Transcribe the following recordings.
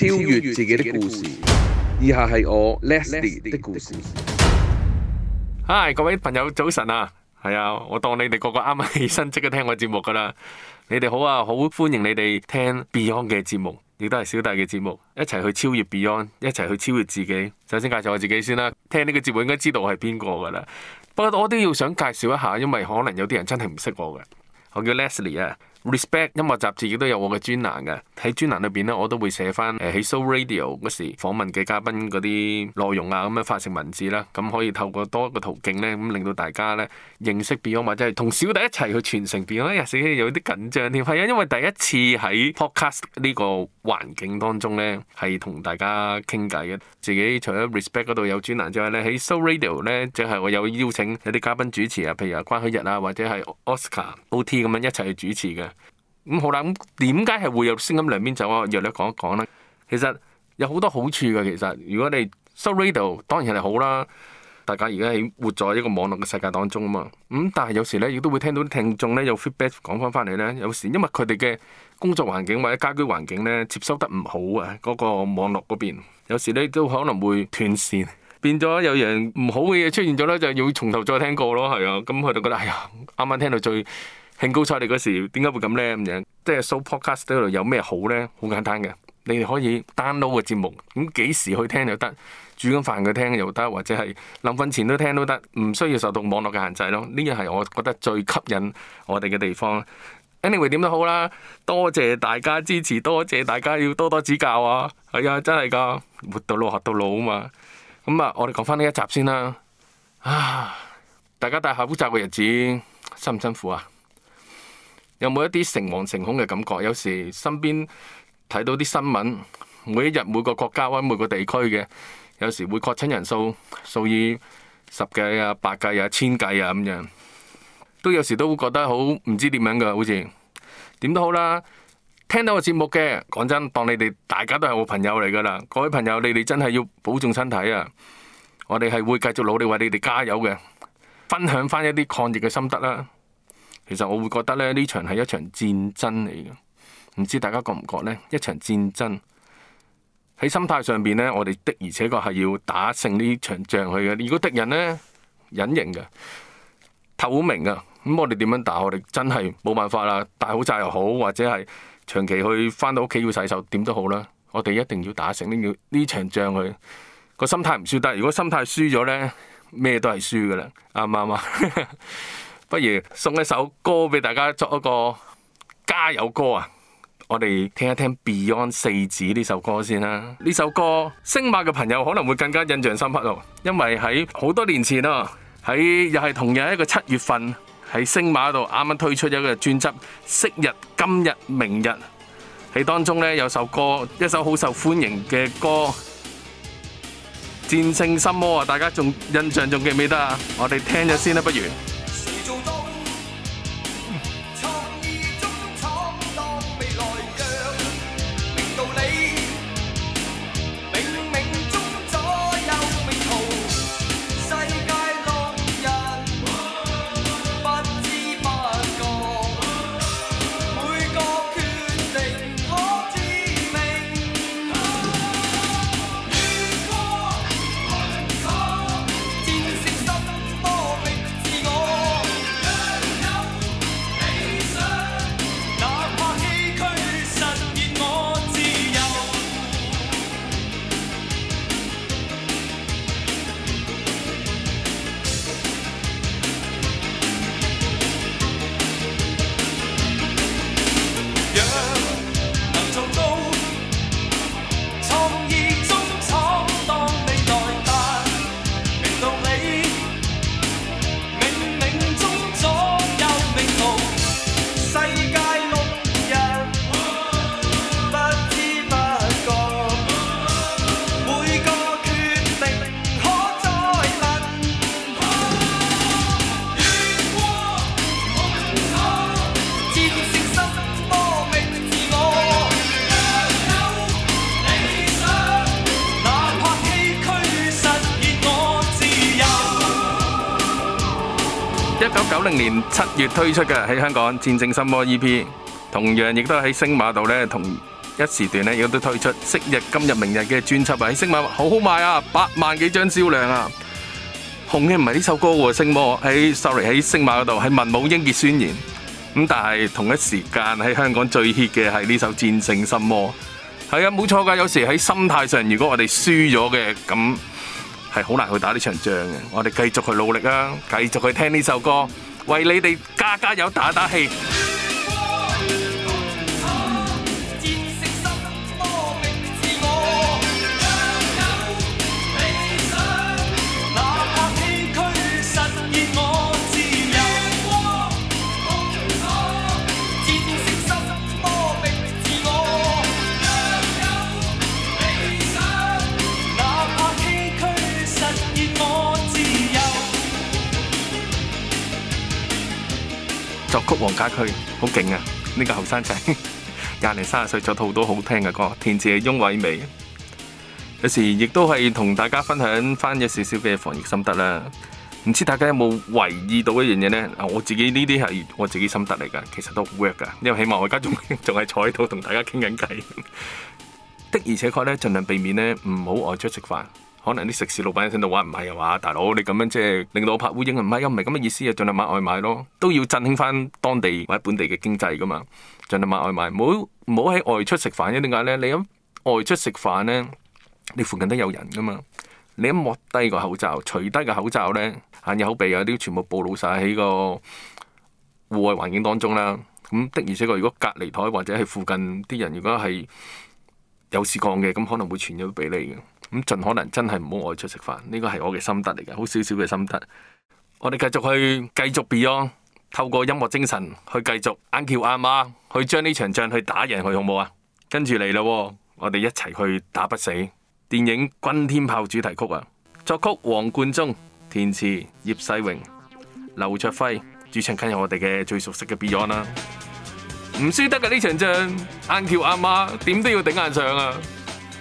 超越自己的故事，以下係我 Leslie 的故事。嗨，各位朋友早晨啊，係啊，我當你哋個個啱啱起身即刻聽我節目噶啦。你哋好啊，好歡迎你哋聽 Beyond 嘅節目，亦都係小弟嘅節目，一齊去超越 Beyond，一齊去超越自己。首先介紹我自己先啦，聽呢個節目應該知道我係邊個噶啦。不過我都要想介紹一下，因為可能有啲人真係唔識我嘅，我叫 Leslie 啊。Respect 音樂雜誌亦都有我嘅專欄嘅，喺專欄裏邊咧，我都會寫翻誒喺 Show Radio 嗰時訪問嘅嘉賓嗰啲內容啊，咁樣發成文字啦，咁可以透過多一個途徑咧，咁令到大家咧認識 Beyond 或者係同小弟一齊去傳承 Beyond、哎呀死。有啲緊張添，係啊，因為第一次喺 Podcast 呢個環境當中咧，係同大家傾偈嘅。自己除咗 Respect 嗰度有專欄之外咧，喺 Show Radio 咧，即係我有邀請一啲嘉賓主持啊，譬如話關曉日啊，或者係 Oscar O T 咁樣一齊去主持嘅。咁、嗯、好啦，咁點解係會有聲音兩邊走啊？約你講一講啦。其實有好多好處噶。其實如果你收 radio，當然係好啦。大家而家喺活在一個網絡嘅世界當中啊嘛。咁、嗯、但係有時咧，亦都會聽到啲聽眾咧有 feedback，講翻翻嚟咧，有時因為佢哋嘅工作環境或者家居環境咧，接收得唔好啊，嗰、那個網絡嗰邊有時咧都可能會斷線，變咗有樣唔好嘅嘢出現咗咧，就要從頭再聽過咯。係啊，咁佢哋覺得哎呀，啱啱聽到最。興高采烈嗰時，點解會咁咧？咁樣即係 show podcast 嗰度有咩好呢？好簡單嘅，你哋可以 download 個節目，咁幾時去聽又得，煮緊飯佢聽又得，或者係臨瞓前都聽都得，唔需要受到網絡嘅限制咯。呢樣係我覺得最吸引我哋嘅地方。Anyway，點都好啦，多謝大家支持，多謝大家要多多指教啊。係、哎、啊，真係噶，活到老學到老啊嘛。咁啊，我哋講翻呢一集先啦。啊，大家大夏複雜嘅日子，辛唔辛苦啊？有冇一啲誠惶誠恐嘅感覺？有時身邊睇到啲新聞，每一日每個國家或者每個地區嘅，有時會確診人數數以十計啊、百計啊、千計啊咁樣，都有時都會覺得好唔知點樣噶，好似點都好啦。聽到個節目嘅，講真，當你哋大家都係我朋友嚟噶啦，各位朋友，你哋真係要保重身體啊！我哋係會繼續努力為你哋加油嘅，分享翻一啲抗疫嘅心得啦。其實我會覺得咧，呢場係一場戰爭嚟嘅，唔知大家覺唔覺呢？一場戰爭喺心態上邊呢，我哋的而且確係要打勝呢場仗去嘅。如果敵人呢，隱形嘅、透明嘅，咁、嗯、我哋點樣打？我哋真係冇辦法啦，戴口罩又好，或者係長期去翻到屋企要洗手，點都好啦。我哋一定要打勝呢要呢場仗去。個心態唔輸得，如果心態輸咗呢，咩都係輸噶啦，啱唔啱啊？ 不如送一首歌俾大家作一個加油歌啊！我哋聽一聽 Beyond 四子呢首歌先啦。呢首歌星馬嘅朋友可能會更加印象深刻咯，因為喺好多年前啊，喺又係同樣一個七月份喺星馬度啱啱推出咗一個專輯《昔日、今日、明日》。喺當中呢有首歌，一首好受歡迎嘅歌《戰勝心魔》啊！大家仲印象仲記唔記得啊？我哋聽咗先啦，不如。一九九零年七月推出嘅喺香港《戰勝心魔》EP，同樣亦都喺星馬度呢。同一時段呢，亦都推出《昔日今日明日》嘅專輯啊！喺星馬好好賣啊，八萬幾張銷量啊！紅嘅唔係呢首歌喎，《心魔》喺 sorry 喺星馬度係《文武英傑宣言》，咁但係同一時間喺香港最 hit 嘅係呢首《戰勝心魔》。係啊，冇錯噶。有時喺心態上，如果我哋輸咗嘅咁。係好難去打呢場仗嘅，我哋繼續去努力啊！繼續去聽呢首歌，為你哋加加油、打打氣。作曲黃家駒好勁啊！呢個後生仔廿零三十歲作好多好聽嘅歌，填詞係翁偉美。有時亦都係同大家分享翻一少少嘅防疫心得啦。唔知大家有冇留意到一樣嘢咧？我自己呢啲係我自己心得嚟噶，其實都好 work 噶，因為起碼我而家仲仲係坐喺度同大家傾緊偈。的而且確咧，盡量避免咧，唔好外出食飯。可能啲食肆老闆聽到話唔係啊嘛，大佬你咁樣即係令到我拍烏蠅。唔係啊，唔係咁嘅意思啊。盡量買外賣咯，都要振興翻當地或者本地嘅經濟噶嘛。盡量買外賣，唔好喺外出食飯嘅。點解咧？你喺外出食飯咧，你附近都有人噶嘛。你一抹低個口罩，除低個口罩咧，眼、耳、口、鼻啊啲全部暴露晒喺個戶外環境當中啦。咁的而且確，如果隔離台或者係附近啲人，如果係有事幹嘅，咁可能會傳咗俾你嘅。咁盡可能真係唔好外出食飯，呢個係我嘅心得嚟嘅，好少少嘅心得。我哋繼續去繼續 Beyond，透過音樂精神去繼續晏橋阿媽，去將呢場仗去打贏佢好唔好啊？跟住嚟咯，我哋一齊去打不死電影《軍天炮》主題曲啊！作曲黃貫中，填詞葉世榮、劉卓輝，主唱跟有我哋嘅最熟悉嘅 Beyond 啦、啊。唔輸得嘅呢場仗，晏橋阿媽點都要頂硬上啊！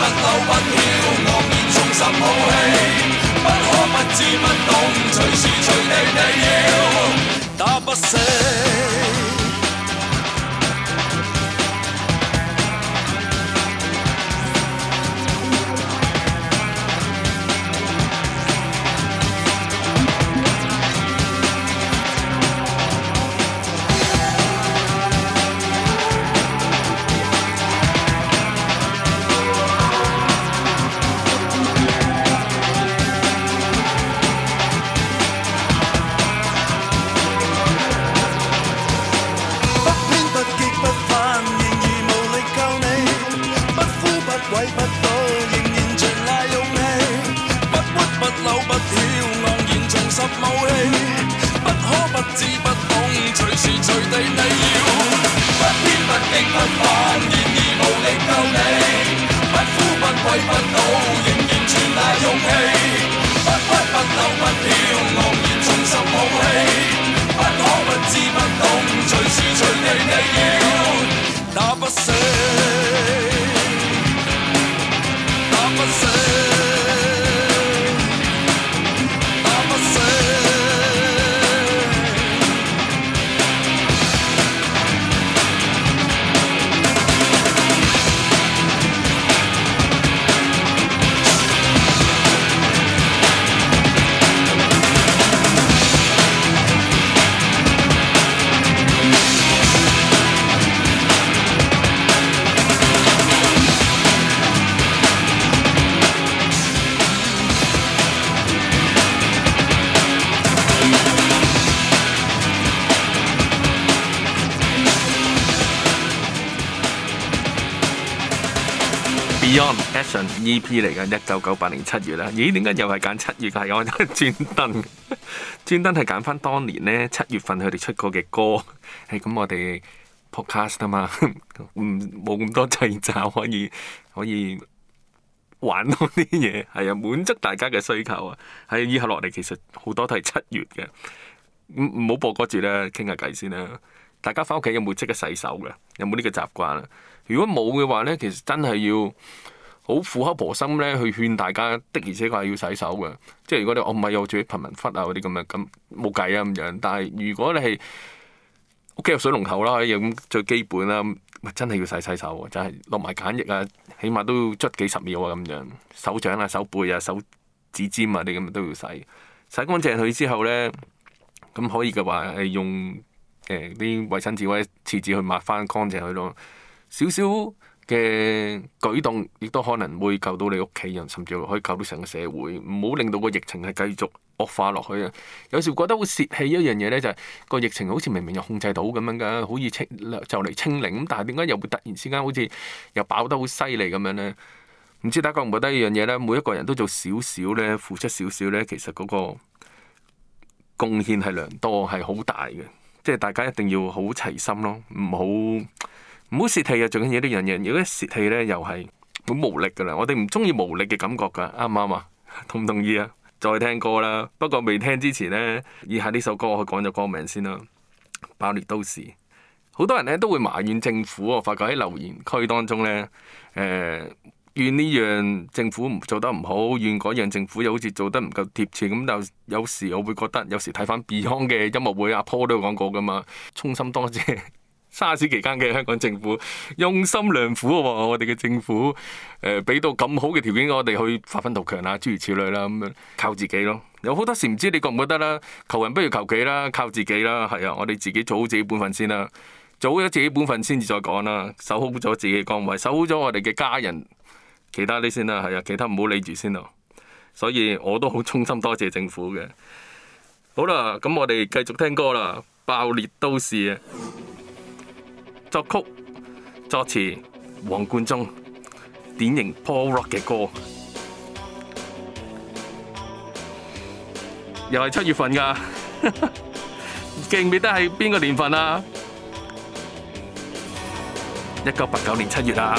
不躲不跳，昂然重新武起，不可不知不懂，隨時隨地地要打不死。ep 嚟噶，一九九八年七月啦，咦？點解又係揀七月嘅？我專登專登係揀翻當年咧七月份佢哋出過嘅歌。係咁，我哋 podcast 啊嘛，唔冇咁多掣肘可以可以玩多啲嘢，係 啊，滿足大家嘅需求 啊。喺以後落嚟，其實好多都係七月嘅。唔唔好播歌住啦，傾下偈先啦。大家翻屋企有冇即刻洗手㗎？有冇呢個習慣啊？如果冇嘅話咧，其實真係要。好苦口婆心咧，去勸大家的而且確，確係要洗手嘅。即係如果你我唔係有住啲貧民窟啊嗰啲咁嘅咁冇計啊咁樣。樣啊、但係如果你係屋企有水龍頭啦、啊，咁最基本啦、啊，咪真係要洗洗手啊！就係落埋梘液啊，起碼都捽幾十秒啊咁樣。手掌啊、手背啊、手指尖啊啲咁都要洗。洗乾淨佢之後咧，咁可以嘅話係用誒啲衞生紙或者廁紙去抹翻乾淨佢咯。少少。嘅舉動，亦都可能會救到你屋企人，甚至可以救到成個社會。唔好令到個疫情係繼續惡化落去啊！有時覺得好泄氣一樣嘢呢，就係個疫情好似明明又控制到咁樣噶，好似就嚟清零咁，但係點解又會突然之間好似又爆得好犀利咁樣呢？唔知大家覺唔覺得呢樣嘢呢？每一個人都做少少呢，付出少少呢，其實嗰個貢獻係良多，係好大嘅。即係大家一定要好齊心咯，唔好。唔好泄氣啊！最緊要呢樣嘢，如果泄氣咧，又係好無力噶啦。我哋唔中意無力嘅感覺噶，啱唔啱啊？同唔同意啊？再聽歌啦。不過未聽之前咧，以下呢首歌我去講咗歌名先啦，《爆裂都市》。好多人咧都會埋怨政府，我發覺喺留言區當中咧，誒怨呢樣政府唔做得唔好，怨嗰樣政府又好似做得唔夠貼切。咁就有時我會覺得，有時睇翻 Beyond 嘅音樂會，阿 Paul 都有講過噶嘛，《衷心多謝》。沙士期間嘅香港政府用心良苦啊，哦！我哋嘅政府誒，俾、呃、到咁好嘅條件，我哋去發奮圖強啦，諸如此類啦，咁樣靠自己咯。有好多時唔知你覺唔覺得啦？求人不如求己啦，靠自己啦，係啊，我哋自己做好自己本分先啦，做好咗自己本分先至再講啦，守好咗自己嘅崗位，守好咗我哋嘅家人，其他啲先啦，係啊，其他唔好理住先咯。所以我都好衷心多謝政府嘅。好啦。咁我哋繼續聽歌啦，《爆裂都市》。作曲、作詞黃貫中，典型 pop rock 嘅歌，又係七月份㗎，記唔記得係邊個年份啊？一九八九年七月啊！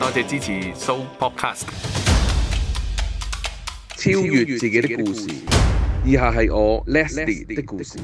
多謝支持 So Podcast， 超越自己的故事。以下係我 Leslie 的故事。